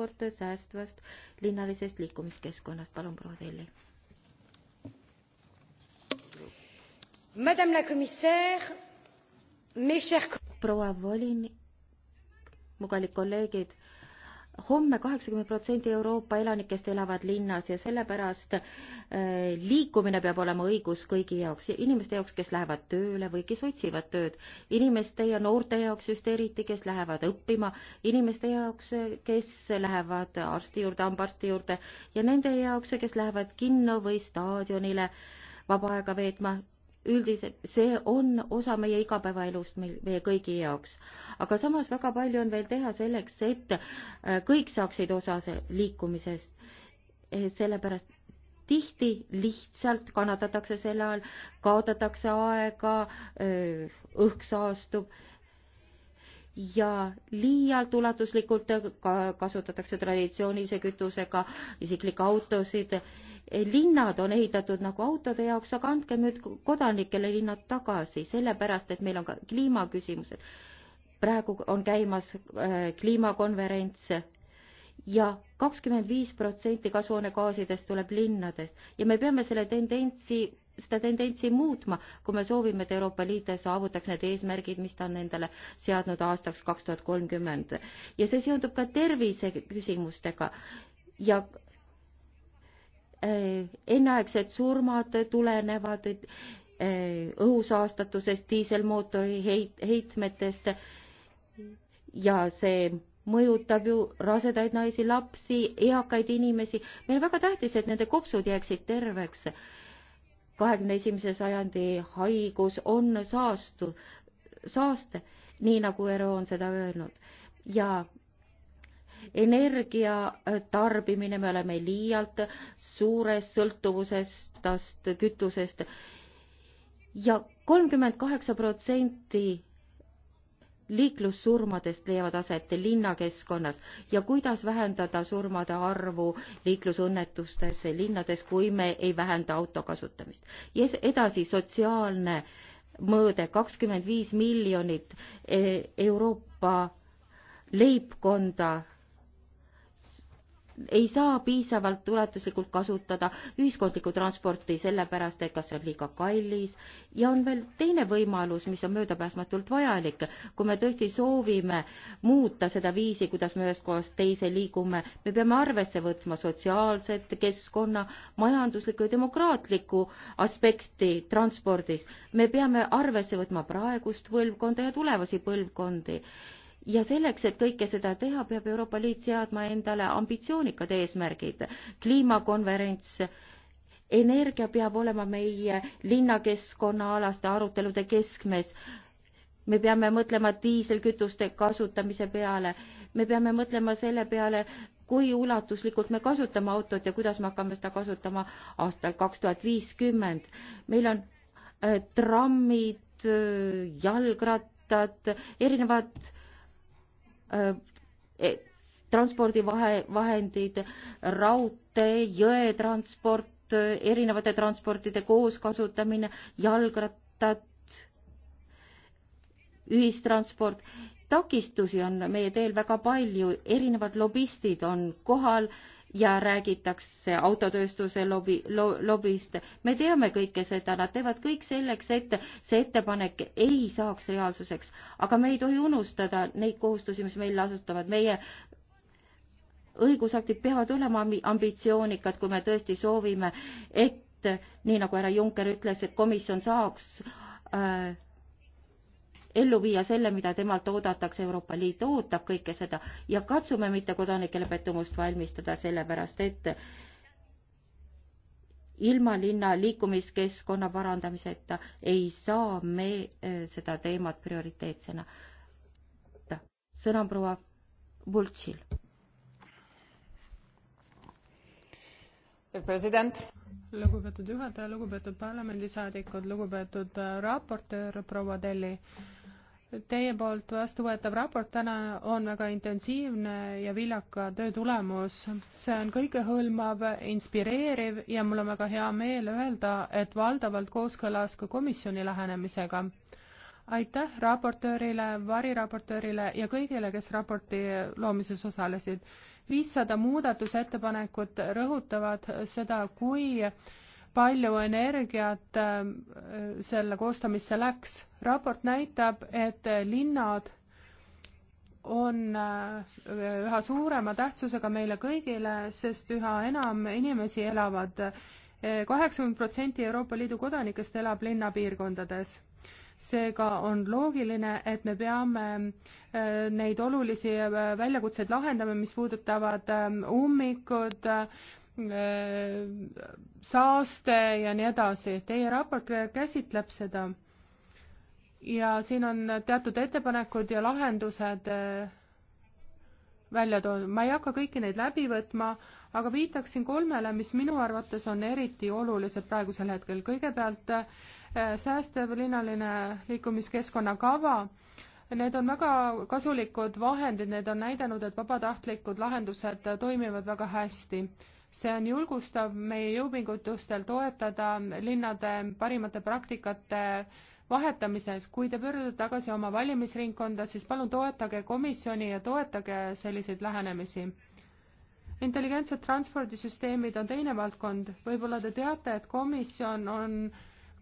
raport säästvast linnalisest liikumiskeskkonnast, palun proua Telli. proua volin, mu kallid kolleegid homme kaheksakümmend protsenti Euroopa elanikest elavad linnas ja sellepärast äh, liikumine peab olema õigus kõigi jaoks, inimeste jaoks, kes lähevad tööle või kes otsivad tööd, inimeste ja noorte jaoks just eriti, kes lähevad õppima, inimeste jaoks, kes lähevad arsti juurde, hambaarsti juurde ja nende jaoks, kes lähevad kinno või staadionile vaba aega veetma üldiselt see on osa meie igapäevaelust meil, meie kõigi jaoks. aga samas väga palju on veel teha selleks, et äh, kõik saaksid osa liikumisest. Eh, sellepärast tihti lihtsalt kannatatakse selle all, kaotatakse aega, õhk saastub ja liialt ulatuslikult ka kasutatakse traditsioonilise kütusega isiklikke autosid linnad on ehitatud nagu autode jaoks, aga andke nüüd kodanikele linnad tagasi, sellepärast et meil on ka kliimaküsimused. praegu on käimas äh, kliimakonverents ja kakskümmend viis protsenti kasvuhoonegaasidest tuleb linnadest ja me peame selle tendentsi, seda tendentsi muutma, kui me soovime, et Euroopa Liit saavutaks need eesmärgid, mis ta on endale seadnud aastaks kaks tuhat kolmkümmend. ja see seondub ka terviseküsimustega ja Äh, enneaegsed surmad tulenevad äh, õhusaastatusest, diiselmootori heit-, heitmetest ja see mõjutab ju rasedaid naisi, lapsi, eakaid inimesi. meil on väga tähtis, et nende kopsud jääksid terveks. kahekümne esimese sajandi haigus on saastu, saaste, nii nagu ERO on seda öelnud. ja energia tarbimine, me oleme liialt suures sõltuvuses tast kütusest ja kolmkümmend kaheksa protsenti liiklussurmadest leiavad aset linnakeskkonnas ja kuidas vähendada surmade arvu liiklusõnnetustes linnades, kui me ei vähenda auto kasutamist. ja edasi sotsiaalne mõõde, kakskümmend viis miljonit e, Euroopa leibkonda ei saa piisavalt ulatuslikult kasutada ühiskondlikku transporti, sellepärast et kas see on liiga kallis ja on veel teine võimalus, mis on möödapääsmatult vajalik. kui me tõesti soovime muuta seda viisi, kuidas me ühest kohast teise liigume, me peame arvesse võtma sotsiaalset, keskkonna, majanduslikku ja demokraatlikku aspekti transpordis. me peame arvesse võtma praegust põlvkonda ja tulevasi põlvkondi ja selleks, et kõike seda teha, peab Euroopa Liit seadma endale ambitsioonikad eesmärgid. kliimakonverents, energia peab olema meie linnakeskkonnaalaste arutelude keskmes. me peame mõtlema diiselkütuste kasutamise peale, me peame mõtlema selle peale, kui ulatuslikult me kasutame autot ja kuidas me hakkame seda kasutama aastal kaks tuhat viiskümmend. meil on äh, trammid, äh, jalgrattad, erinevad Äh, e, transpordivahendid, raudtee, jõetransport, erinevate transportide kooskasutamine, jalgrattad, ühistransport. takistusi on meie teel väga palju, erinevad lobistid on kohal ja räägitakse autotööstuse lobi lo,, lobist. me teame kõike seda, nad teevad kõik selleks, et see ettepanek ei saaks reaalsuseks, aga me ei tohi unustada neid kohustusi, mis meile asutavad, meie õigusaktid peavad olema ambitsioonikad, kui me tõesti soovime, et nii nagu härra Juncker ütles, et komisjon saaks äh, ellu viia selle, mida temalt oodatakse, Euroopa Liit ootab kõike seda ja katsume mitte kodanikele pettumust valmistada, sellepärast et ilma linna liikumiskeskkonna parandamiseta ei saa me eh, seda teemat prioriteetsena. sõna on proua Vultšil. president lugupeetud juhataja, lugupeetud parlamendisaadikud, lugupeetud äh, raportöör proua Telli. Teie poolt vastuvõetav raport täna on väga intensiivne ja viljaka töö tulemus. see on kõigehõlmav, inspireeriv ja mul on väga hea meel öelda, et valdavalt kooskõlas ka komisjoni lähenemisega. aitäh raportöörile, variraportöörile ja kõigile, kes raporti loomises osalesid. viissada muudatusettepanekut rõhutavad seda, kui palju energiat äh, selle koostamisse läks. raport näitab, et linnad on äh, üha suurema tähtsusega meile kõigile, sest üha enam inimesi elavad, kaheksakümmend protsenti Euroopa Liidu kodanikest elab linnapiirkondades. seega on loogiline, et me peame äh, neid olulisi väljakutseid lahendama, mis puudutavad ummikud, Äh, saaste ja nii edasi. Teie raport käsitleb seda ja siin on teatud ettepanekud ja lahendused äh, välja toodud. ma ei hakka kõiki neid läbi võtma, aga viitaksin kolmele, mis minu arvates on eriti olulised praegusel hetkel. kõigepealt äh, säästev linnaline liikumiskeskkonna kava. Need on väga kasulikud vahendid, need on näidanud, et vabatahtlikud lahendused toimivad väga hästi see on julgustav meie jõupingutustel toetada linnade parimate praktikate vahetamises, kui te pöördute tagasi oma valimisringkonda, siis palun toetage komisjoni ja toetage selliseid lähenemisi. intelligentsed transpordisüsteemid on teine valdkond, võib-olla te teate, et komisjon on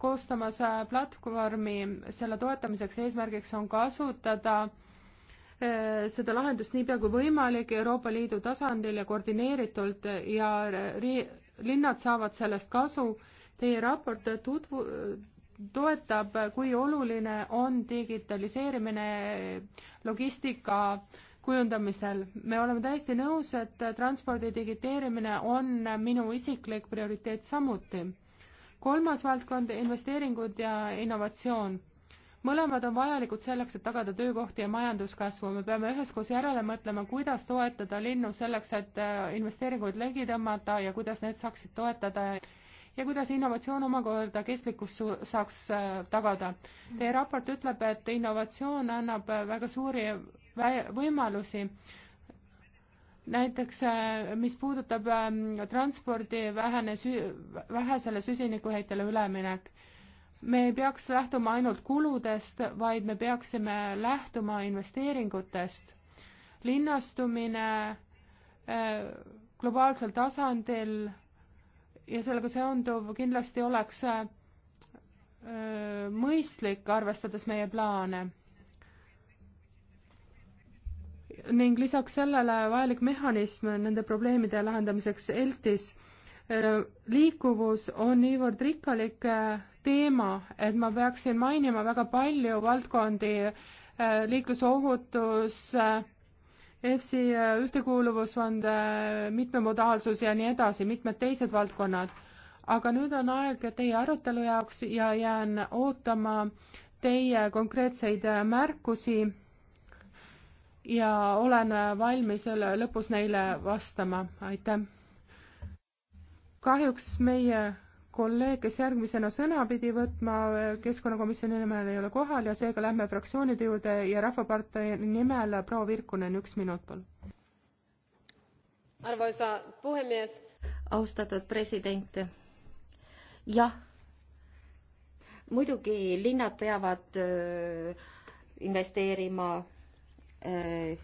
koostamas platvormi selle toetamiseks, eesmärgiks on kasutada ka Äh, seda lahendust niipea kui võimalik Euroopa Liidu tasandil ja koordineeritult ja ri-, linnad saavad sellest kasu. Teie raport tutvu-, toetab, kui oluline on digitaliseerimine logistika kujundamisel. me oleme täiesti nõus, et transpordi digiteerimine on minu isiklik prioriteet samuti. kolmas valdkond, investeeringud ja innovatsioon mõlemad on vajalikud selleks, et tagada töökohti ja majanduskasvu. me peame üheskoos järele mõtlema, kuidas toetada linnu selleks, et äh, investeeringuid ligi tõmmata ja kuidas need saaksid toetada ja kuidas innovatsioon omakorda kestlikkust saaks äh, tagada. Teie raport ütleb, et innovatsioon annab äh, väga suuri võimalusi, näiteks mis puudutab ähm, transpordi vähene, vähesele süsinikuheitele üleminek me ei peaks lähtuma ainult kuludest, vaid me peaksime lähtuma investeeringutest. linnastumine äh, globaalsel tasandil ja sellega seonduv kindlasti oleks äh, mõistlik, arvestades meie plaane. ning lisaks sellele vajalik mehhanism nende probleemide lahendamiseks ELTis. Äh, liikuvus on niivõrd rikkalik teema, et ma peaksin mainima väga palju valdkondi, äh, liiklusohutus, äh, EFSI äh, ühtekuuluvusfond, mitmemodaalsus ja nii edasi, mitmed teised valdkonnad. aga nüüd on aeg teie arutelu jaoks ja jään ootama teie konkreetseid märkusi ja olen valmis lõpus neile vastama, aitäh. kahjuks meie kolleeg, kes järgmisena sõna pidi võtma keskkonnakomisjoni nimel, ei ole kohal ja seega lähme fraktsioonide juurde ja Rahvapartei nimel proua Virkunen, üks minut, palun. arvoisa puhemees. austatud president. jah, muidugi linnad peavad öö, äh, investeerima öö, äh,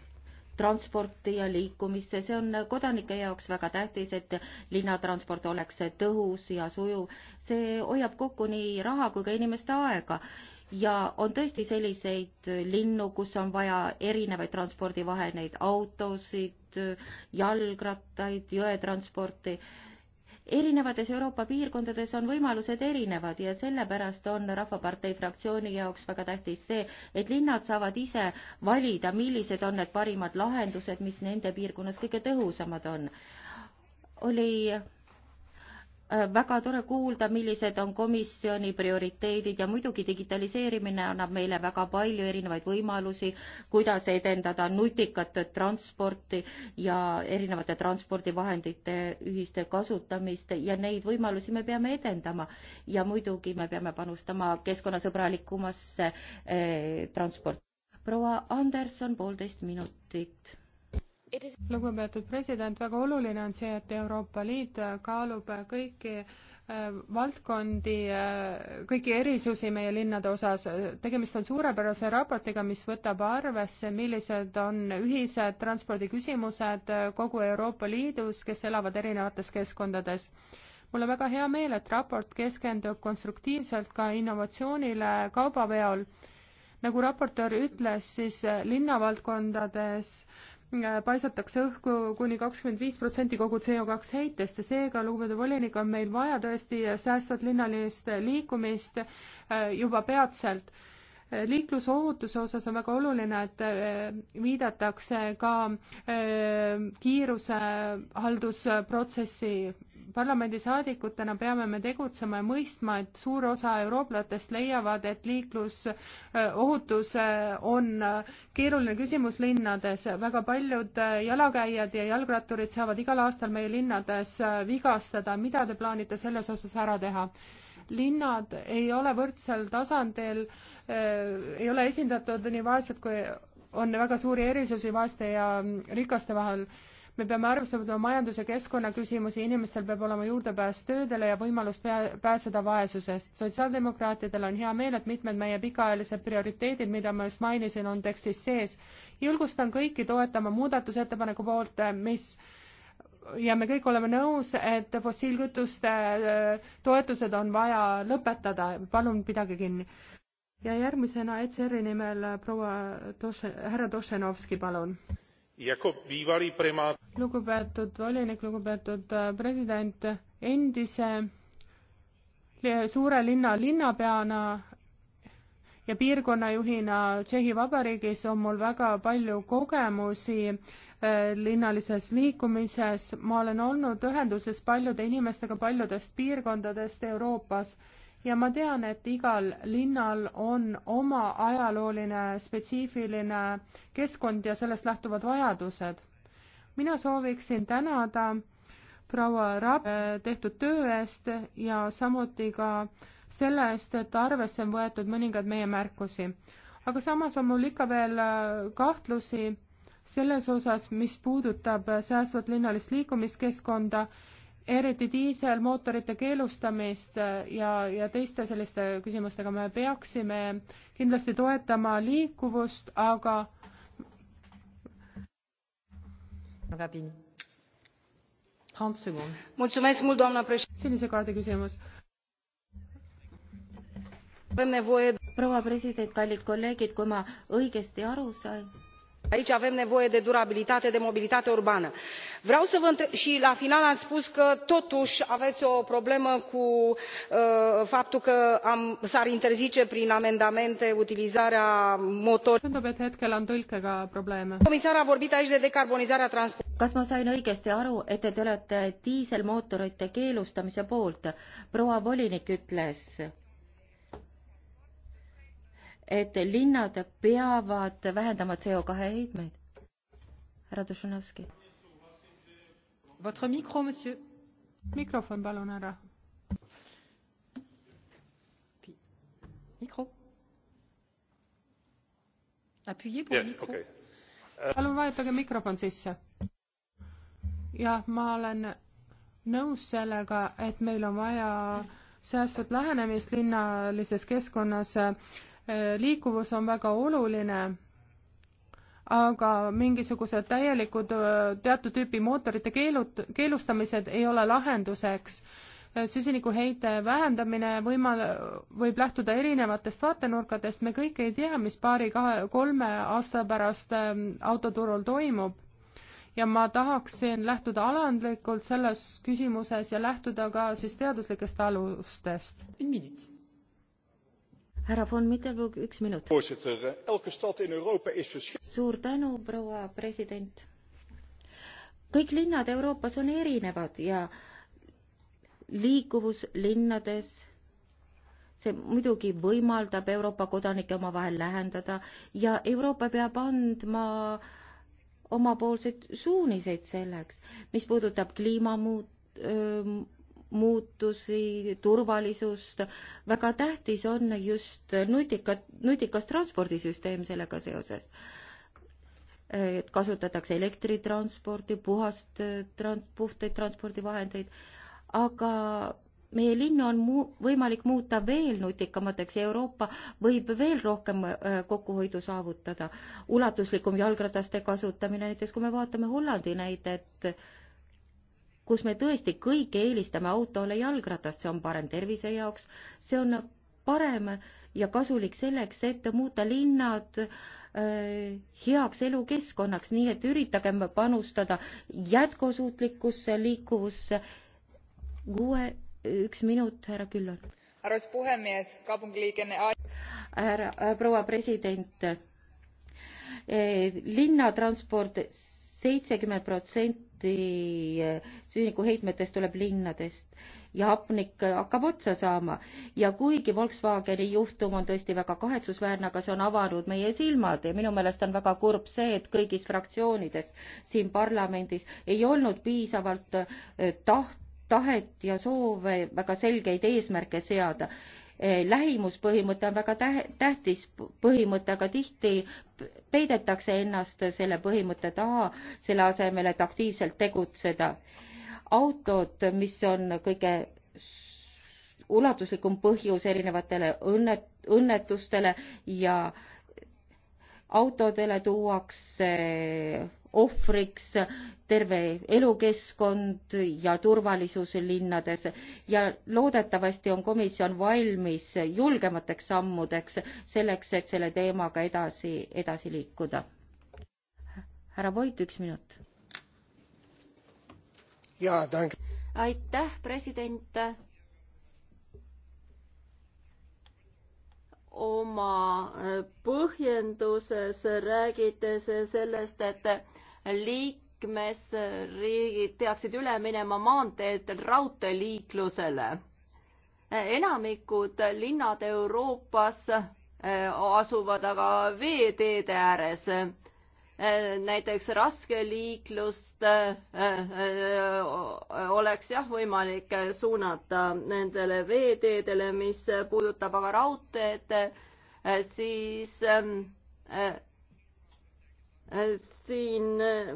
transporti ja liikumisse. see on kodanike jaoks väga tähtis, et linnatransport oleks tõhus ja sujuv. see hoiab kokku nii raha kui ka inimeste aega ja on tõesti selliseid linnu, kus on vaja erinevaid transpordivahendeid, autosid, jalgrattaid, jõetransporti erinevates Euroopa piirkondades on võimalused erinevad ja sellepärast on Rahvapartei fraktsiooni jaoks väga tähtis see, et linnad saavad ise valida, millised on need parimad lahendused, mis nende piirkonnas kõige tõhusamad on. oli Äh, väga tore kuulda, millised on komisjoni prioriteedid ja muidugi digitaliseerimine annab meile väga palju erinevaid võimalusi, kuidas edendada nutikat transporti ja erinevate transpordivahendite ühiste kasutamist ja neid võimalusi me peame edendama. ja muidugi me peame panustama keskkonnasõbralikumasse eh, äh, transporti. proua Anderson, poolteist minutit lugupeetud president, väga oluline on see, et Euroopa Liit kaalub kõiki äh, valdkondi, äh, kõiki erisusi meie linnade osas. tegemist on suurepärase raportiga, mis võtab arvesse, millised on ühised transpordiküsimused äh, kogu Euroopa Liidus, kes elavad erinevates keskkondades. mul on väga hea meel, et raport keskendub konstruktiivselt ka innovatsioonile kaubaveol. nagu raportöör ütles, siis linnavaldkondades äh, Äh, paisatakse õhku kuni kakskümmend viis protsenti kogu CO2 heitest ja seega, lugupeetud volinik, on meil vaja tõesti säästvat linnalist liikumist äh, juba peatselt liiklusohutuse osas on väga oluline, et äh, viidatakse ka äh, kiirusehaldusprotsessi parlamendisaadikutena peame me tegutsema ja mõistma, et suur osa eurooplatest leiavad, et liiklusohutus äh, on keeruline küsimus linnades. väga paljud jalakäijad ja jalgratturid saavad igal aastal meie linnades vigastada. mida te plaanite selles osas ära teha? linnad ei ole võrdsel tasandil, eh, ei ole esindatud nii vaesed kui on väga suuri erisusi vaeste ja mm, rikaste vahel. me peame arvestama majandus- ja keskkonnaküsimusi, inimestel peab olema juurdepääs töödele ja võimalus pea-, pääseda vaesusest. sotsiaaldemokraatidel on hea meel, et mitmed meie pikaajalised prioriteedid, mida ma just mainisin, on tekstis sees. julgustan kõiki toetama muudatusettepaneku poolt, eh, mis ja me kõik oleme nõus, et fossiilkütuste äh, toetused on vaja lõpetada, palun pidage kinni. ja järgmisena ECR-i nimel äh, proua Toše, härra Tošenovski, palun. lugupeetud volinik, lugupeetud äh, president, endise suure linna linnapeana ja piirkonnajuhina Tšehhi Vabariigis on mul väga palju kogemusi äh, linnalises liikumises. ma olen olnud ühenduses paljude inimestega paljudest piirkondadest Euroopas ja ma tean, et igal linnal on oma ajalooline spetsiifiline keskkond ja sellest lähtuvad vajadused. mina sooviksin tänada proua Raab äh, tehtud töö eest ja samuti ka äh, selle eest, et arvesse on võetud mõningad meie märkusi. aga samas on mul ikka veel äh, kahtlusi selles osas, mis puudutab äh, säästvat linnalist liikumiskeskkonda, eriti diiselmootorite keelustamist äh, ja, ja teiste selliste küsimustega me peaksime kindlasti toetama liikuvust, aga sinise kaardi küsimus proua president, kallid kolleegid, kui ma õigesti aru sain aici avem nevoie de durabilitate de mobilitate urbană. vreau să vă întreb și la final ați spus că totuși aveți o problemă cu uh, faptul că s ar interzice prin amendamente utilizarea motoarelor. comisarul a vorbit aici de decarbonizarea transportului. kas ma sain õigesti aru et te olete diiselmootorite keelustamise poolt proua volinik ütles et linnad peavad vähendama CO2 heitmeid. härra Dušanovski. Votre micro, monsieur. mikrofon, palun, härra. mikro. Appuyez pour yeah, micro okay.. Äh, palun vajutage mikrofon sisse. jah, ma olen nõus sellega, et meil on vaja säästvat lähenemist linnalises keskkonnas äh, Äh, liikuvus on väga oluline, aga mingisugused täielikud äh, teatud tüüpi mootorite keelud, keelustamised ei ole lahenduseks. Äh, süsinikuheite vähendamine võima-, võib lähtuda erinevatest vaatenurkadest, me kõik ei tea, mis paari, kahe, kolme aasta pärast ähm, autoturul toimub ja ma tahaksin lähtuda alandlikult selles küsimuses ja lähtuda ka siis teaduslikest alustest. üks minut härra von Mittelburg, üks minut. Eh, suur tänu, proua president. kõik linnad Euroopas on erinevad ja liikuvus linnades see muidugi võimaldab Euroopa kodanikke omavahel lähendada ja Euroopa peab andma omapoolseid suuniseid selleks, mis puudutab kliimamuut-, muutusi, turvalisust. väga tähtis on just nutikad, nutikas transpordisüsteem sellega seoses. et kasutatakse elektritransporti, puhast trans-, puhtaid transpordivahendeid, aga meie linna on muu-, võimalik muuta veel nutikamateks ja Euroopa võib veel rohkem äh, kokkuhoidu saavutada. ulatuslikum jalgrataste kasutamine, näiteks kui me vaatame Hollandi näidet, kus me tõesti kõik eelistame autole jalgratast, see on parem tervise jaoks, see on parem ja kasulik selleks, et muuta linnad öö, äh, heaks elukeskkonnaks, nii et üritagem panustada jätkusuutlikkusse liikuvusse. kuue, üks minut, härra Küllar. arvas puhemees, kaupunkiliigene härra äh,, proua president e,, linnatransport seitsekümmend protsenti protsenti eh, süsinikuheitmetest tuleb linnadest ja hapnik eh, hakkab otsa saama. ja kuigi Volkswageni juhtum on tõesti väga kahetsusväärne, aga see on avanud meie silmad ja minu meelest on väga kurb see, et kõigis fraktsioonides siin parlamendis ei olnud piisavalt eh, taht, tahet ja soove väga selgeid eesmärke seada Äh, lähimuspõhimõte on väga tähtis põhimõte, aga tihti peidetakse ennast selle põhimõtte taha, selle asemel, et aktiivselt tegutseda. autod, mis on kõige ulatuslikum põhjus erinevatele õnne, õnnetustele ja autodele tuuakse ohvriks, terve elukeskkond ja turvalisus linnades ja loodetavasti on komisjon valmis julgemateks sammudeks selleks, et selle teemaga edasi, edasi liikuda. härra Voit, üks minut. jaa, tänan. aitäh, president. oma põhjenduses räägite sellest, et liikmesriigid peaksid üle minema maanteed raudteeliiklusele. enamikud linnad Euroopas eh, asuvad aga veeteede ääres eh, näiteks raskeliiklust eh, oleks jah võimalik suunata nendele veeteedele, mis puudutab aga raudteed, siis siin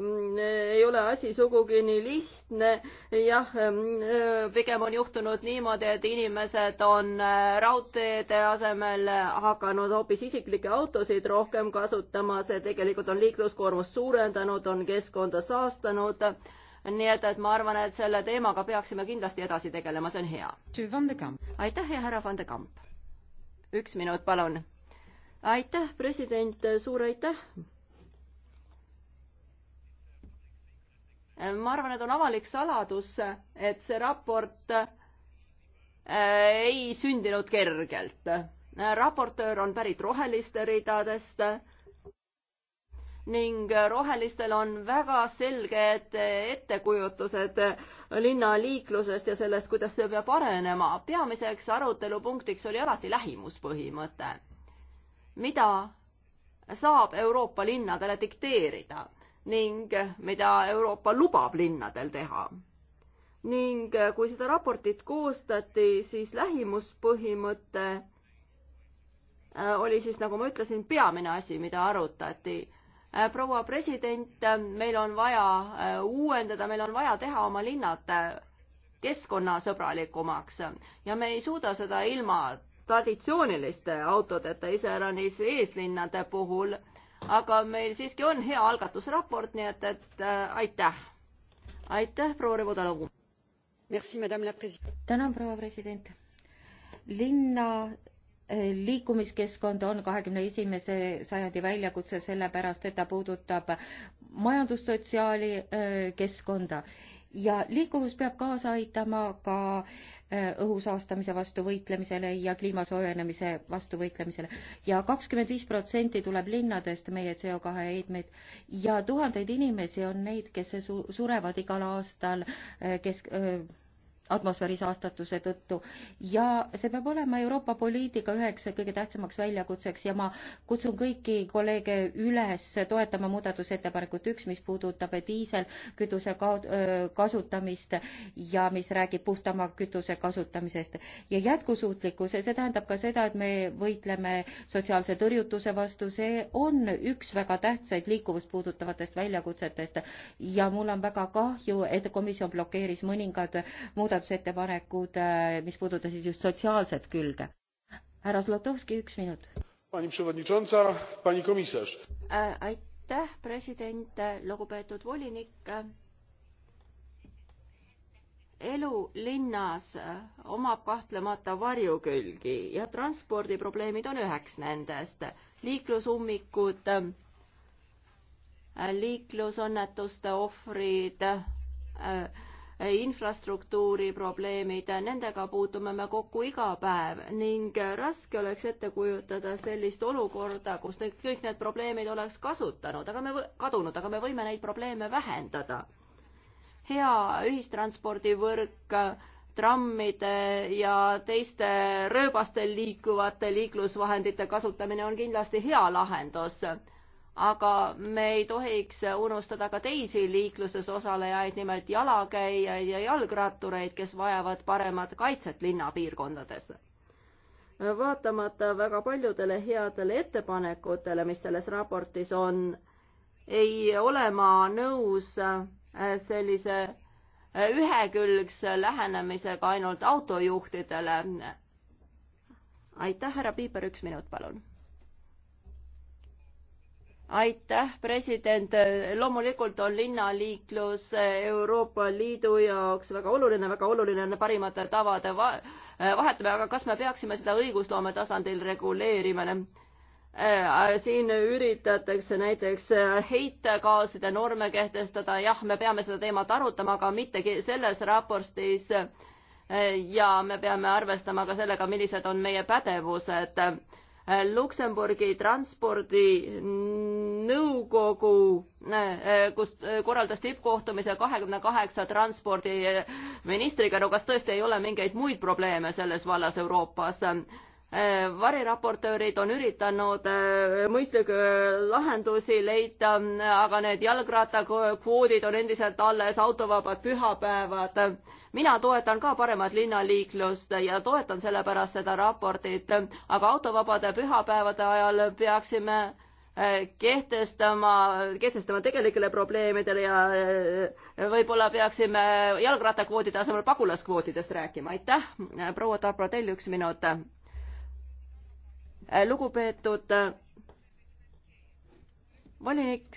mm, ei ole asi sugugi nii lihtne. jah, mm, pigem on juhtunud niimoodi, et inimesed on äh, raudteede asemel hakanud hoopis isiklikke autosid rohkem kasutama, see tegelikult on liikluskoormust suurendanud, on keskkonda saastanud. nii et, et ma arvan, et selle teemaga peaksime kindlasti edasi tegelema, see on hea. aitäh ja härra Van de Kamp. üks minut, palun. aitäh, president, suur aitäh ma arvan, et on avalik saladus, et see raport eh, ei sündinud kergelt. raportöör on pärit roheliste ridadest ning rohelistel on väga selged ettekujutused linnaliiklusest ja sellest, kuidas see peab arenema. peamiseks arutelupunktiks oli alati lähimuspõhimõte. mida saab Euroopa linnadele dikteerida? ning mida Euroopa lubab linnadel teha. ning kui seda raportit koostati, siis lähimuspõhimõte äh, oli siis, nagu ma ütlesin, peamine asi, mida arutati. Äh, proua president, meil on vaja äh, uuendada, meil on vaja teha oma linnad keskkonnasõbralikumaks ja me ei suuda seda ilma traditsiooniliste autodeta, iseäranis eeslinnade puhul aga meil siiski on hea algatusraport, nii et, et äh, aitäh. aitäh, proua Revodalovu. tänan, proua president. linna äh, liikumiskeskkond on kahekümne esimese sajandi väljakutse sellepärast, et ta puudutab majandussotsiaali äh, keskkonda ja liikuvus peab kaasa aitama ka äh, õhusaastamise vastu võitlemisele ja kliima soojenemise vastu võitlemisele ja kakskümmend viis protsenti tuleb linnadest meie CO kahe heitmeid ja tuhandeid inimesi on neid, kes surevad igal aastal eh, kesk, atmosfääri saastatuse tõttu ja see peab olema Euroopa poliitika üheks kõige tähtsamaks väljakutseks ja ma kutsun kõiki kolleege üles toetama muudatusettepanekut üks, mis puudutab diiselkütuse kasutamist ja mis räägib puhtama kütuse kasutamisest ja jätkusuutlikkus, see tähendab ka seda, et me võitleme sotsiaalse tõrjutuse vastu, see on üks väga tähtsaid liikuvust puudutavatest väljakutsetest ja mul on väga kahju, et komisjon blokeeris mõningad muudatused muudatusettepanekud, äh, mis puudutasid just sotsiaalset külge. härra Zlatovski, üks minut. Äh, aitäh, president, lugupeetud volinik. elu linnas äh, omab kahtlemata varjukülgi ja transpordiprobleemid on üheks nendest. liiklusummikud, liiklusõnnetuste ohvrid äh, infrastruktuuri probleemid, nendega puutume me kokku iga päev ning raske oleks ette kujutada sellist olukorda, kus need kõik need probleemid oleks kasutanud, aga me, kadunud, aga me võime neid probleeme vähendada. hea ühistranspordivõrk trammide ja teiste rööbastel liikuvate liiklusvahendite kasutamine on kindlasti hea lahendus aga me ei tohiks unustada ka teisi liikluses osalejaid, nimelt jalakäijaid ja jalgrattureid, kes vajavad paremat kaitset linnapiirkondades. vaatamata väga paljudele headele ettepanekutele, mis selles raportis on, ei ole ma nõus äh, sellise äh, ühekülgse lähenemisega ainult autojuhtidele. aitäh, härra Piiper, üks minut, palun aitäh, president, loomulikult on linnaliiklus Euroopa Liidu jaoks väga oluline, väga oluline on parimate tavade va-, vahetamine, aga kas me peaksime seda õigusloome tasandil reguleerima? Äh, siin üritatakse näiteks heitegaaside norme kehtestada, jah, me peame seda teemat arutama, aga mitte selles raportis äh, ja me peame arvestama ka sellega, millised on meie pädevused Äh, Luksemburgi transpordinõukogu, äh, äh, kus korraldas tippkohtumise kahekümne kaheksa transpordiministriga, no kas tõesti ei ole mingeid muid probleeme selles vallas Euroopas? Äh, variraportöörid on üritanud äh, mõistlikke äh, lahendusi leida, aga need jalgrattakvoodid on endiselt alles, autovabad pühapäevad. mina toetan ka paremat linnaliiklust ja toetan sellepärast seda raportit, aga autovabade pühapäevade ajal peaksime kehtestama, kehtestama tegelikele probleemidele ja võib-olla peaksime jalgrattakvoodide asemel pagulaskvootidest rääkima. aitäh, proua Tarmo Tell, üks minut lugupeetud äh, volinik.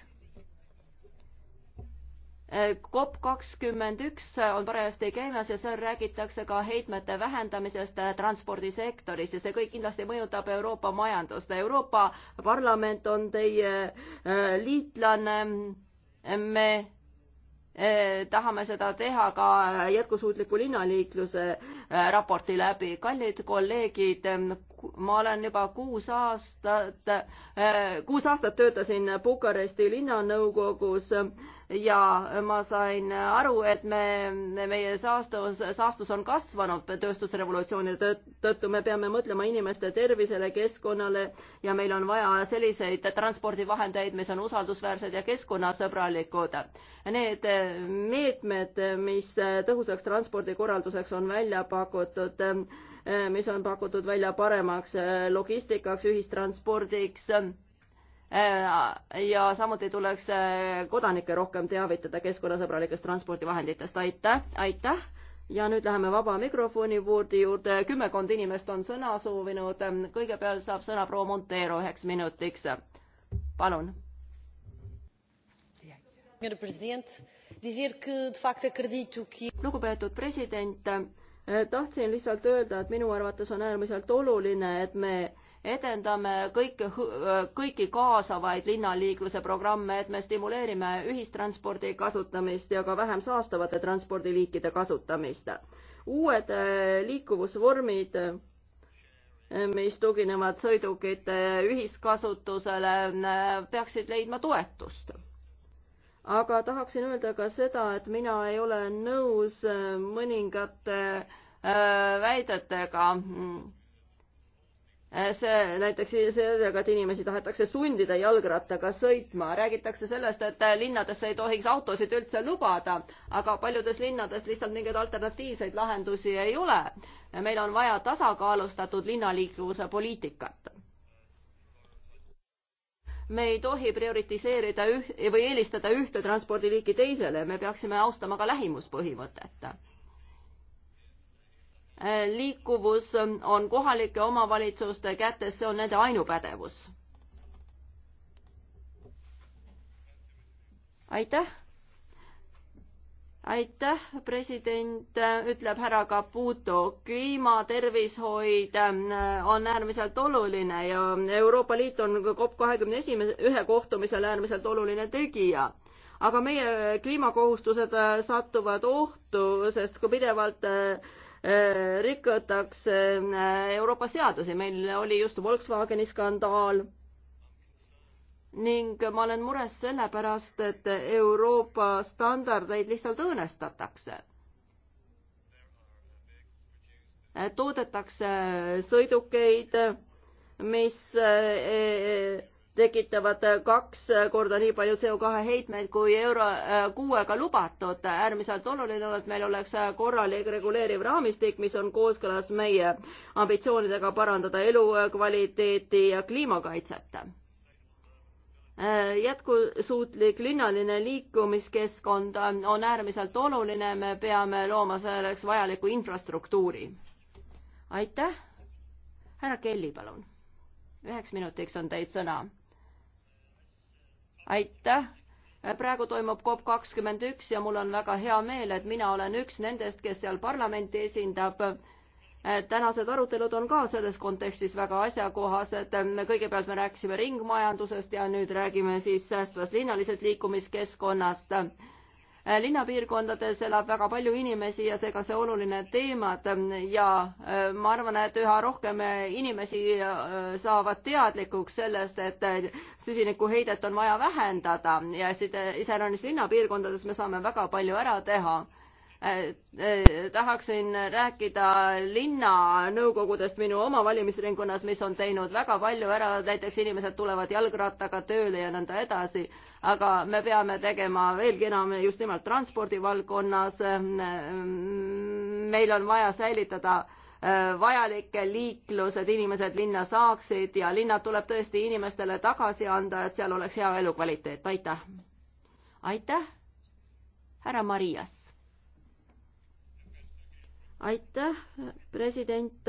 Äh, COP kakskümmend üks on parajasti käimas ja seal räägitakse ka heitmete vähendamisest äh, transpordisektoris ja see kõik kindlasti mõjutab Euroopa majandust. Euroopa Parlament on teie liitlane. me Eh, tahame seda teha ka jätkusuutliku linnaliikluse eh, raporti läbi. kallid kolleegid, ma olen juba kuus aastat, eh, kuus aastat töötasin Bukaresti linnanõukogus ja ma sain aru, et me, meie saastus, saastus on kasvanud tööstusrevolutsiooni tõttu, me peame mõtlema inimeste tervisele, keskkonnale ja meil on vaja selliseid transpordivahendeid, mis on usaldusväärsed ja keskkonnasõbralikud. Need meetmed, mis tõhusaks transpordikorralduseks on välja pakutud, mis on pakutud välja paremaks logistikaks, ühistranspordiks Äh, ja samuti tuleks äh, kodanikke rohkem teavitada keskkonnasõbralikest transpordivahenditest, aitäh, aitäh! ja nüüd läheme vaba mikrofoni voordi juurde, kümmekond inimest on sõna soovinud, kõigepealt saab sõna proua Monteiro üheks minutiks, palun. lugupeetud president, eh, tahtsin lihtsalt öelda, et minu arvates on äärmiselt oluline, et me edendame kõik, kõiki kaasavaid linnaliikluse programme, et me stimuleerime ühistranspordi kasutamist ja ka vähem saastavate transpordiliikide kasutamist. uued äh, liikuvusvormid äh, mis tuginevad sõidukite ühiskasutusele, äh, peaksid leidma toetust. aga tahaksin öelda ka seda, et mina ei ole nõus mõningate väidetega Äh, see näiteks sellega, et inimesi tahetakse sundida jalgrattaga sõitma, räägitakse sellest, et äh, linnadesse ei tohiks autosid üldse lubada, aga paljudes linnades lihtsalt mingeid alternatiivseid lahendusi ei ole. meil on vaja tasakaalustatud linnaliikluse poliitikat. me ei tohi prioritiseerida üh- või eelistada ühte transpordiliiki teisele, me peaksime austama ka lähimuspõhimõtet Äh, liikuvus on kohalike omavalitsuste kätes, see on nende ainupädevus. aitäh. aitäh, president, ütleb härra Caputo. kliima, tervishoid äh, on äärmiselt oluline ja Euroopa Liit on COP kahekümne esimese, ühe kohtumisel äärmiselt oluline tegija aga meie kliimakohustused äh, satuvad ohtu, sest kui pidevalt äh, Äh, rikutakse äh, Euroopa seadusi, meil oli just Volkswageni skandaal ning ma olen mures sellepärast, et Euroopa standardeid lihtsalt õõnestatakse. Äh, toodetakse sõidukeid, mis tekitavad kaks korda nii palju CO2 heitmeid kui euro äh, kuuega lubatud. äärmiselt oluline on, et meil oleks korralik reguleeriv raamistik, mis on kooskõlas meie ambitsioonidega parandada elukvaliteeti ja kliimakaitset. Äh, jätkusuutlik linnaline liikumiskeskkond on äärmiselt oluline, me peame looma selleks vajaliku infrastruktuuri. aitäh, härra Kelly, palun. üheks minutiks on teid sõna aitäh! praegu toimub COP kakskümmend üks ja mul on väga hea meel, et mina olen üks nendest, kes seal parlamenti esindab. tänased arutelud on ka selles kontekstis väga asjakohased. kõigepealt me rääkisime ringmajandusest ja nüüd räägime siis säästvast linnalisest liikumiskeskkonnast Äh, linnapiirkondades elab väga palju inimesi ja seega see oluline teema ja äh, ma arvan, et üha rohkem äh, inimesi saavad teadlikuks sellest, et süsinikuheidet on vaja vähendada ja iseäranis linnapiirkondades me saame väga palju ära teha tahaksin rääkida linnanõukogudest minu oma valimisringkonnas, mis on teinud väga palju ära, näiteks inimesed tulevad jalgrattaga tööle ja nõnda edasi aga me peame tegema veelgi enam just nimelt transpordivaldkonnas. meil on vaja säilitada äh, vajalik liiklus, et inimesed linna saaksid ja linnad tuleb tõesti inimestele tagasi anda, et seal oleks hea elukvaliteet, aitäh. aitäh, härra Marias. aitäh, president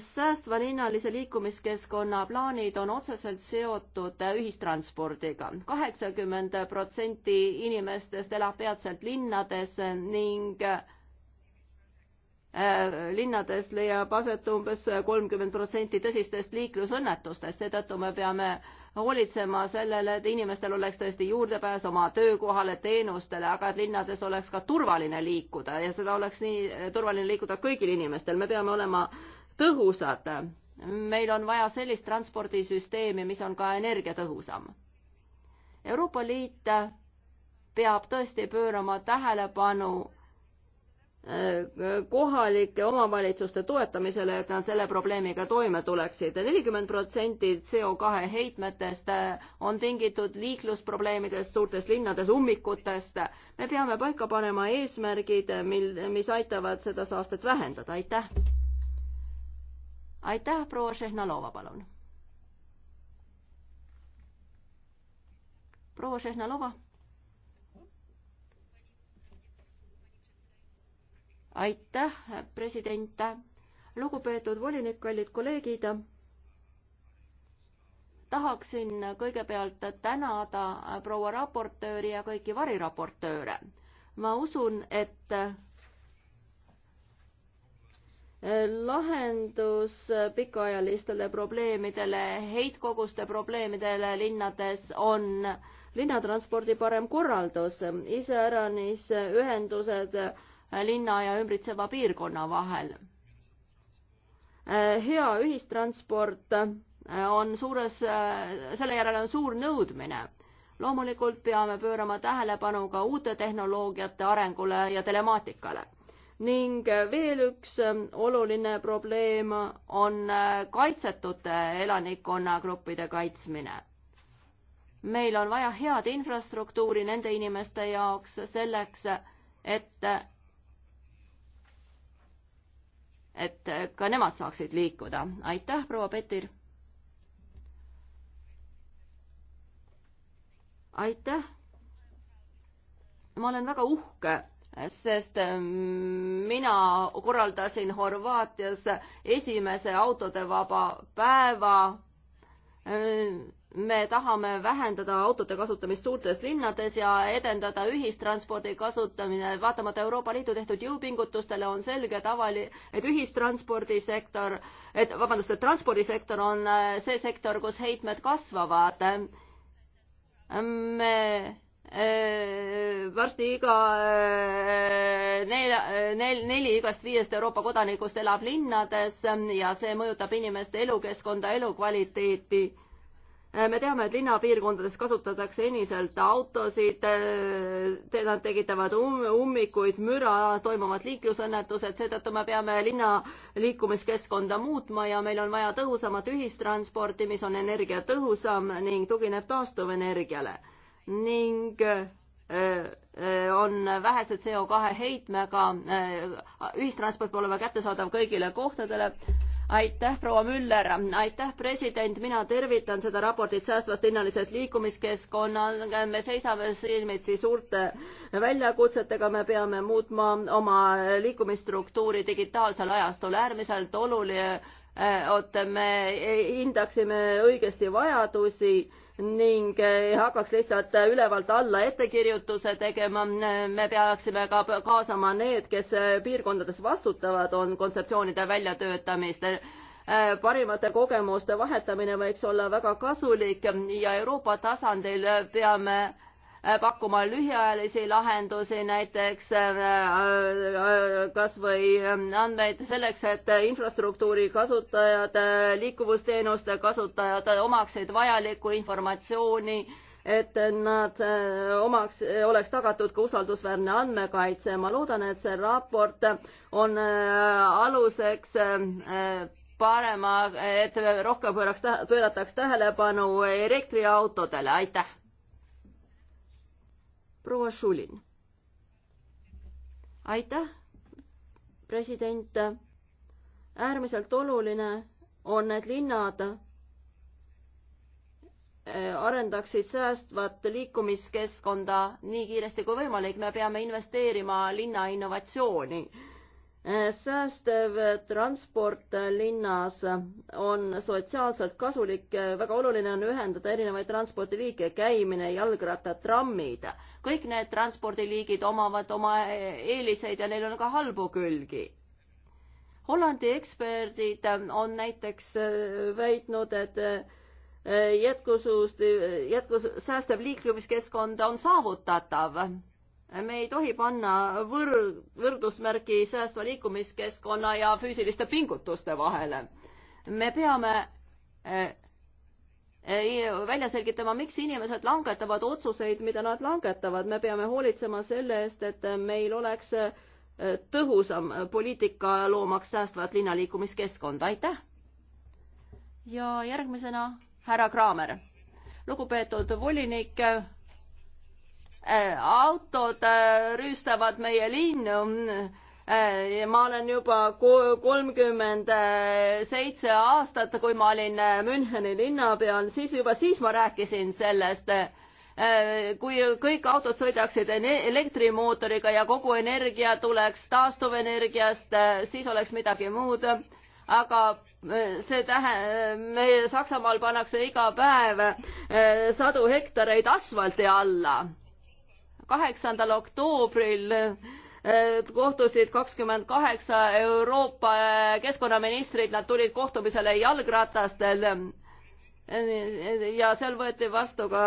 säästva linnalise liikumiskeskkonna plaanid on otseselt seotud ühistranspordiga. kaheksakümmend protsenti inimestest elab peatselt linnades ning äh, linnades leiab aset umbes kolmkümmend protsenti tõsistest liiklusõnnetustest, seetõttu me peame hoolitsema sellele, et inimestel oleks tõesti juurdepääs oma töökohale, teenustele, aga et linnades oleks ka turvaline liikuda ja seda oleks nii turvaline liikuda kõigil inimestel, me peame olema äh, tõhusad. meil on vaja sellist transpordisüsteemi, mis on ka energiatõhusam. Euroopa Liit peab tõesti pöörama tähelepanu äh, kohalike omavalitsuste toetamisele, et nad selle probleemiga toime tuleksid. nelikümmend protsenti CO kahe heitmetest äh, on tingitud liiklusprobleemidest, suurtest linnades, ummikutest. me peame paika panema eesmärgid, mil, mis aitavad seda saastet vähendada, aitäh! aitäh, proua Šehnalova, palun. proua Šehnalova. aitäh, president, lugupeetud volinik, kallid kolleegid tahaksin kõigepealt tänada proua raportööri ja kõiki variraportööre. ma usun, et lahendus pikaajalistele probleemidele, heitkoguste probleemidele linnades on linnatranspordi parem korraldus, iseäranis ühendused linna ja ümbritseva piirkonna vahel. hea ühistransport on suures, selle järele on suur nõudmine. loomulikult peame pöörama tähelepanu ka uute tehnoloogiate arengule ja telemaatikale ning äh, veel üks ähm, oluline probleem on äh, kaitsetute elanikkonnagruppide kaitsmine. meil on vaja head infrastruktuuri nende inimeste jaoks selleks, et, et ka nemad saaksid liikuda. aitäh, proua Petir! aitäh! ma olen väga uhke sest äh, mina korraldasin Horvaatias esimese autodevaba päeva. Äh, me tahame vähendada autode kasutamist suurtes linnades ja edendada ühistranspordi kasutamine. vaatamata Euroopa Liidu tehtud jõupingutustele on selge, et avali-, et ühistranspordisektor, et vabandust, et transpordisektor on äh, see sektor, kus heitmed kasvavad. me Äh, varsti iga äh, nelja, äh, nel-, neli igast viiest Euroopa kodanikust elab linnades ähm, ja see mõjutab inimeste elukeskkonda, elukvaliteeti. me teame, et linnapiirkondades kasutatakse endiselt autosid, nad tekitavad um-, ummikuid, müra, toimuvad liiklusõnnetused, seetõttu me peame linna liikumiskeskkonda muutma ja meil on vaja tõhusamat ühistransporti, mis on energiatõhusam ning tugineb taastuvenergiale ning äh, äh, on vähese CO2 heitmega, äh, ühistransport peab olema kättesaadav kõigile kohtadele. aitäh, proua Müller, aitäh, president, mina tervitan seda raportit säästvast linnalisest liikumiskeskkonnal, me seisame silmitsi suurte väljakutsetega, me peame muutma oma liikumisstruktuuri digitaalsel ajastul äärmiselt oluline, et me hindaksime õigesti vajadusi ning ei eh, hakkaks lihtsalt eh, ülevalt alla ettekirjutuse tegema. me peaksime ka kaasama need, kes eh, piirkondades vastutavad, on kontseptsioonide väljatöötamist. parimate kogemuste vahetamine võiks olla väga kasulik ja Euroopa tasandil peame Äh, pakkuma lühiajalisi lahendusi, näiteks äh, äh, kas või ähm, andmeid selleks, et infrastruktuuri kasutajad, liikuvusteenuste kasutajad omaksid vajalikku informatsiooni, et nad omaks, oleks tagatud ka usaldusväärne andmekaitse. ma loodan, et see raport on aluseks parema, et rohkem pööraks, pöörataks tähelepanu elektriautodele, aitäh! proua Šulin. aitäh, president. äärmiselt oluline on, et linnad eh, arendaksid säästvat liikumiskeskkonda nii kiiresti kui võimalik, me peame investeerima linna innovatsiooni säästev transport linnas on sotsiaalselt kasulik, väga oluline on ühendada erinevaid transpordiliike, käimine, jalgrattad, trammid. kõik need transpordiliigid omavad oma eeliseid ja neil on ka halbu külgi. Hollandi eksperdid on näiteks väitnud, et jätkusuust, jätkus, säästev liiklumiskeskkond on saavutatav me ei tohi panna võr-, võrdusmärgi säästva liikumiskeskkonna ja füüsiliste pingutuste vahele. me peame eh, eh, välja selgitama, miks inimesed langetavad otsuseid, mida nad langetavad, me peame hoolitsema selle eest, et meil oleks eh, tõhusam poliitika loomaks säästvat linnaliikumiskeskkonda, aitäh! ja järgmisena härra Kraamer. lugupeetud volinik Äh, autod äh, rüüstavad meie linnu. Äh, ma olen juba kolmkümmend seitse aastat, kui ma olin Müncheni linnapea, siis juba siis ma rääkisin sellest, kui kõik autod sõidaksid elektrimootoriga ja kogu energia tuleks taastuvenergiast, siis oleks midagi muud. aga see tähe-, meil Saksamaal pannakse iga päev sadu hektareid asfalti alla kaheksandal oktoobril eh, kohtusid kakskümmend kaheksa Euroopa keskkonnaministrit, nad tulid kohtumisele jalgratastel ja seal võeti vastu ka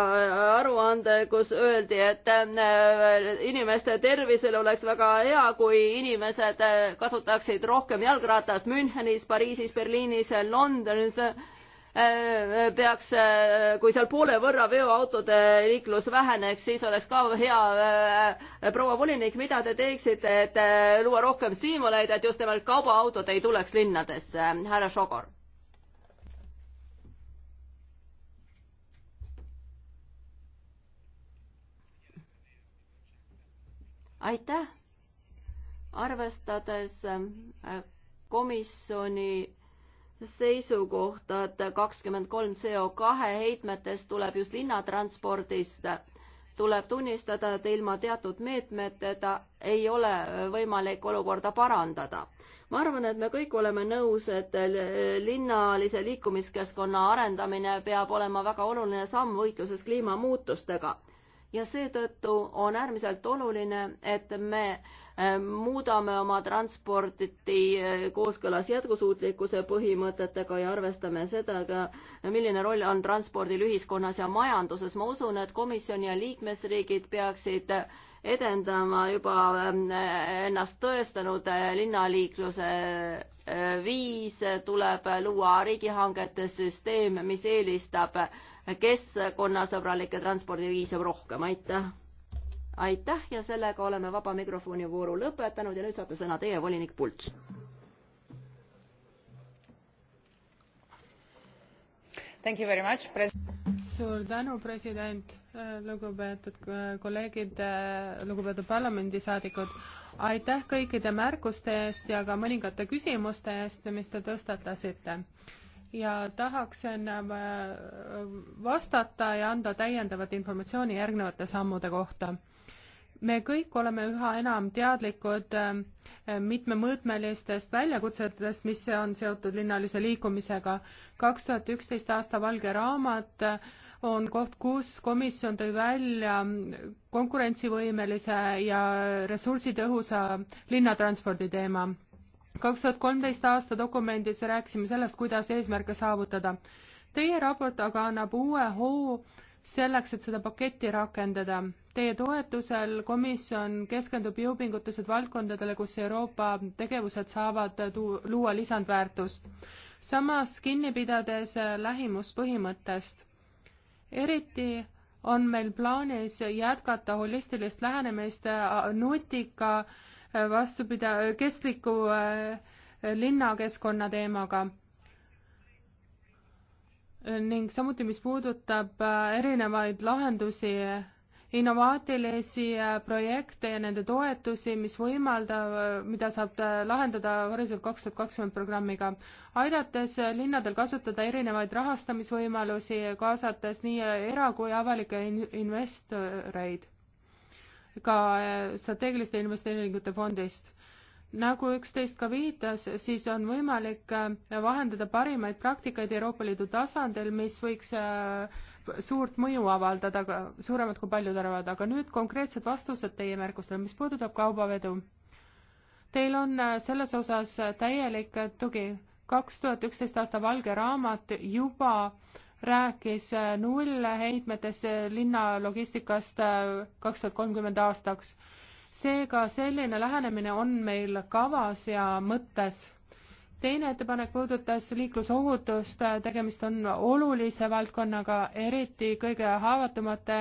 aruande, kus öeldi, et eh, inimeste tervisele oleks väga hea, kui inimesed eh, kasutaksid rohkem jalgratast Münchenis, Pariisis, Berliinis, Londonis Äh, äh, peaks, äh, kui seal poole võrra veoautode liiklus väheneks, siis oleks ka hea, proua volinik, mida te teeksite, et luua rohkem stiimuleid, et just nimelt kaubaautod ei tuleks linnadesse, härra Šogor? aitäh, arvestades komisjoni seisukohta, et kakskümmend kolm CO kahe heitmetest tuleb just linnatranspordist, tuleb tunnistada, et ilma teatud meetmeteta ei ole võimalik olukorda parandada. ma arvan, et me kõik oleme nõus, et linnalise liikumiskeskkonna arendamine peab olema väga oluline samm võitluses kliimamuutustega ja seetõttu on äärmiselt oluline, et me Äh, muudame oma transporti äh, kooskõlas jätkusuutlikkuse põhimõtetega ja arvestame seda, milline roll on transpordil ühiskonnas ja majanduses. ma usun, et komisjon ja liikmesriigid peaksid edendama juba äh, ennast tõestanud linnaliikluse viis, tuleb luua riigihangete süsteem, mis eelistab keskkonnasõbralikke transpordiviise rohkem, aitäh! aitäh ja sellega oleme vaba mikrofoni vooru lõpetanud ja nüüd saate sõna teie, volinik Pults. suur tänu, president, lugupeetud äh, kolleegid, äh, lugupeetud parlamendisaadikud. aitäh kõikide märkuste eest ja ka mõningate küsimuste eest, mis te tõstatasite ja tahaksin äh, vastata ja anda täiendavat informatsiooni järgnevate sammude kohta me kõik oleme üha enam teadlikud eh, mitmemõõtmelistest väljakutsetest, mis on seotud linnalise liikumisega. kaks tuhat üksteist aasta valge raamat on koht, kus komisjon tõi välja konkurentsivõimelise ja ressursitõhusa linnatranspordi teema. kaks tuhat kolmteist aasta dokumendis rääkisime sellest, kuidas eesmärke saavutada. Teie raport aga annab uue hoo selleks, et seda paketti rakendada Teie toetusel komisjon keskendub jõupingutused valdkondadele, kus Euroopa tegevused saavad tuu-, luua lisandväärtust. samas kinni pidades lähimuspõhimõttest. eriti on meil plaanis jätkata holistilist lähenemist äh, nutika äh, vastupida-, kestliku äh, linnakeskkonna teemaga ning samuti, mis puudutab erinevaid lahendusi innovaatilisi äh, projekte ja nende toetusi, mis võimaldab, äh, mida saab äh, lahendada Horisont kaks tuhat kakskümmend programmiga, aidates linnadel kasutada erinevaid rahastamisvõimalusi, kaasates nii era- kui avalikke investoreid ka strateegiliste investeeringute fondist nagu üksteist ka viitas, siis on võimalik vahendada parimaid praktikaid Euroopa Liidu tasandil, mis võiks suurt mõju avaldada, aga suuremat, kui paljud arvavad, aga nüüd konkreetsed vastused teie märkustele, mis puudutab kaubavedu. Teil on äh, selles osas äh, täielik äh, tugi. kaks tuhat üksteist aasta valge raamat juba rääkis nullheitmetes linna logistikast kaks tuhat kolmkümmend aastaks. seega selline lähenemine on meil kavas ja mõttes teine ettepanek puudutas liiklusohutust, tegemist on olulise valdkonnaga, eriti kõige haavatumate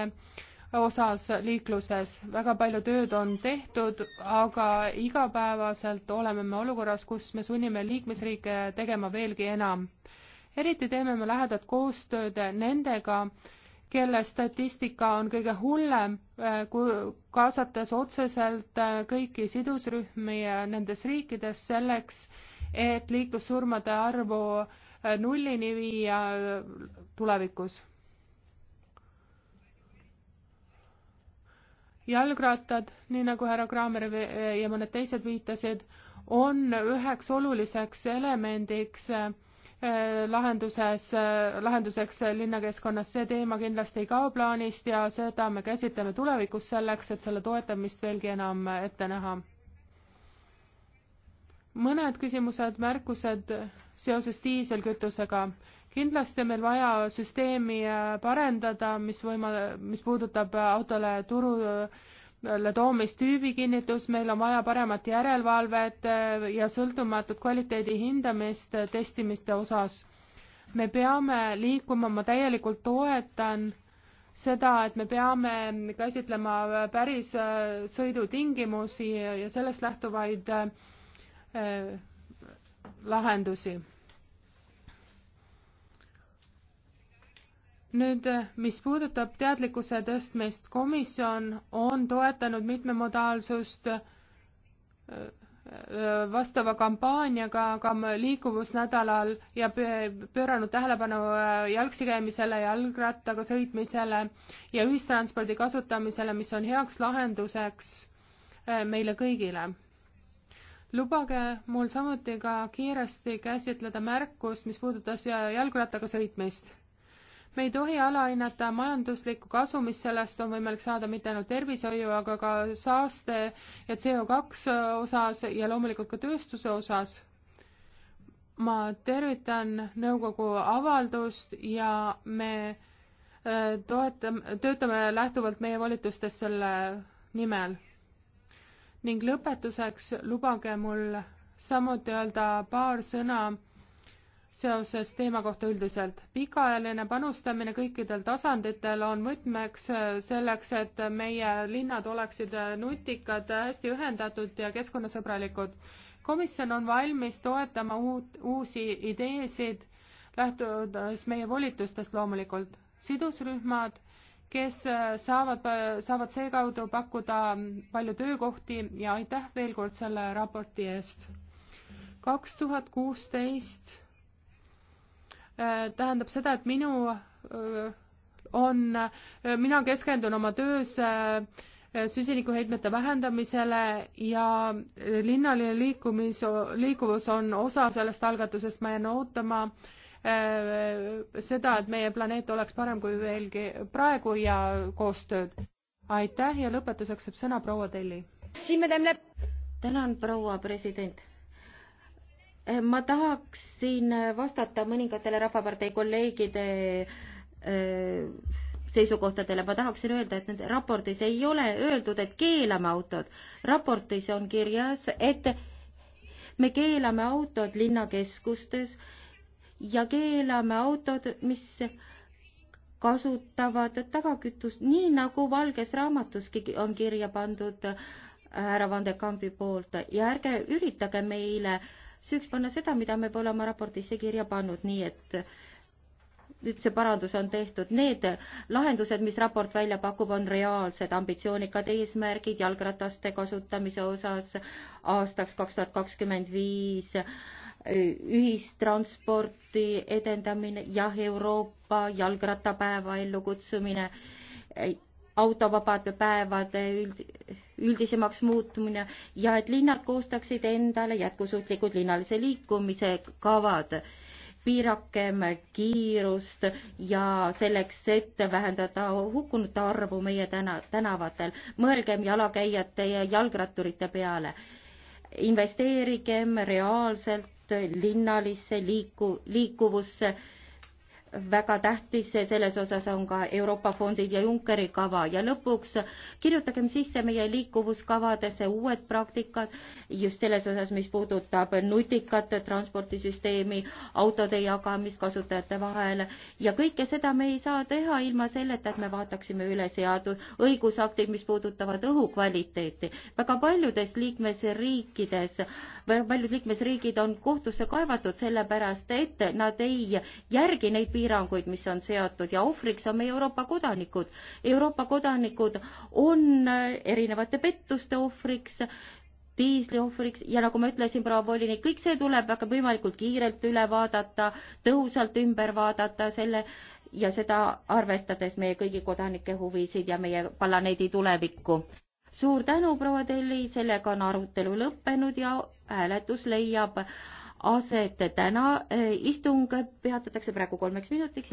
osas liikluses. väga palju tööd on tehtud, aga igapäevaselt oleme me olukorras, kus me sunnime liikmesriike tegema veelgi enam. eriti teeme me lähedat koostööd nendega, kelle statistika on kõige hullem, eh, kaasates otseselt eh, kõiki sidusrühmi eh, nendes riikides selleks, et liiklussurmade arvu äh, nullini viia äh, tulevikus. jalgrattad, nii nagu härra Kraamer ja mõned teised viitasid, on üheks oluliseks elemendiks äh, lahenduses, lahenduseks linnakeskkonnas, see teema kindlasti ei kao plaanist ja seda me käsitleme tulevikus selleks, et selle toetamist veelgi enam ette näha mõned küsimused, märkused seoses diiselkütusega. kindlasti on meil vaja süsteemi äh, parendada, mis võima-, mis puudutab autole turule toomist tüübikinnitus, meil on vaja paremat järelevalvet äh, ja sõltumatut kvaliteedi hindamist äh, testimiste osas. me peame liikuma, ma täielikult toetan seda, et me peame käsitlema päris sõidutingimusi ja sellest lähtuvaid äh, Äh, lahendusi. nüüd, äh, mis puudutab teadlikkuse tõstmist, komisjon on toetanud mitmemodaalsust äh, vastava kampaaniaga ka liikuvusnädalal ja pööranud tähelepanu jalgsi käimisele, jalgrattaga sõitmisele ja ühistranspordi kasutamisele, mis on heaks lahenduseks meile kõigile lubage mul samuti ka kiiresti käsitleda märkust, mis puudutas jalgrattaga sõitmist. me ei tohi alahinnata majanduslikku kasu, mis sellest on võimalik saada mitte ainult tervishoiu, aga ka saaste ja CO2 osas ja loomulikult ka tööstuse osas. ma tervitan nõukogu avaldust ja me äh, toetame, töötame lähtuvalt meie volitustest selle nimel ning lõpetuseks lubage mul samuti öelda paar sõna seoses teema kohta üldiselt. pikaajaline panustamine kõikidel tasanditel on võtmeks selleks, et meie linnad oleksid nutikad, hästi ühendatud ja keskkonnasõbralikud. komisjon on valmis toetama uut, uusi ideesid, lähtudes meie volitustest loomulikult. sidusrühmad kes äh, saavad, äh, saavad seekaudu pakkuda palju töökohti ja aitäh veel kord selle raporti eest. kaks tuhat kuusteist äh, tähendab seda, et minu on, mina keskendun oma töös süsinikuheitmete vähendamisele ja linnaline liikumis, liikuvus on osa sellest algatusest, ma jään ootama äh, Äh, seda, et meie planeet oleks parem kui veelgi praegu ja koostööd. aitäh ja lõpetuseks saab sõna proua Telli. tänan, proua president. Äh, ma tahaksin äh, vastata mõningatele Rahvapartei kolleegide seisukohtadele, ma tahaksin öelda, et nende raportis ei ole öeldud, et keelame autod. raportis on kirjas, et me keelame autod linnakeskustes ja keelame autod, mis kasutavad tagakütust, nii nagu Valges Raamatuski on kirja pandud äh, härra Vandekampi poolt ja ärge üritage meile süüks panna seda, mida me pole oma raportisse kirja pannud, nii et nüüd see parandus on tehtud, need lahendused, mis raport välja pakub, on reaalsed, ambitsioonikad eesmärgid jalgrataste kasutamise osas aastaks kaks tuhat kakskümmend viis Äh, ühistransporti edendamine, jah, Euroopa jalgrattapäeva ellukutsumine, äh, autovabade päevade üld, üldisemaks muutmine ja et linnad koostaksid endale jätkusuutlikud linnalise liikumise kavad. piirakem kiirust ja selleks, et vähendada hukkunute arvu meie täna, tänavatel, mõelgem jalakäijate ja jalgratturite peale. investeerigem reaalselt linnalisse liiku, liikuvusse väga tähtis, selles osas on ka Euroopa fondid ja Junckeri kava ja lõpuks kirjutagem sisse meie liikuvuskavadesse uued praktikad just selles osas, mis puudutab nutikat transpordisüsteemi, autode jagamist kasutajate vahel ja kõike seda me ei saa teha ilma selleta, et me vaataksime üle seadus, õigusaktid, mis puudutavad õhukvaliteeti. väga paljudes liikmesriikides, paljud liikmesriigid on kohtusse kaevatud sellepärast, et nad ei järgi neid piiranguid, mis on seatud ja ohvriks on meie Euroopa kodanikud. Euroopa kodanikud on äh, erinevate pettuste ohvriks, diisli ohvriks ja nagu ma ütlesin, proua volinik, kõik see tuleb väga võimalikult kiirelt üle vaadata, tõhusalt ümber vaadata selle ja seda arvestades meie kõigi kodanike huvisid ja meie planeedi tulevikku suur tänu, proua Telli, sellega on arutelu lõppenud ja hääletus leiab aset täna. Äh, istung peatatakse praegu kolmeks minutiks.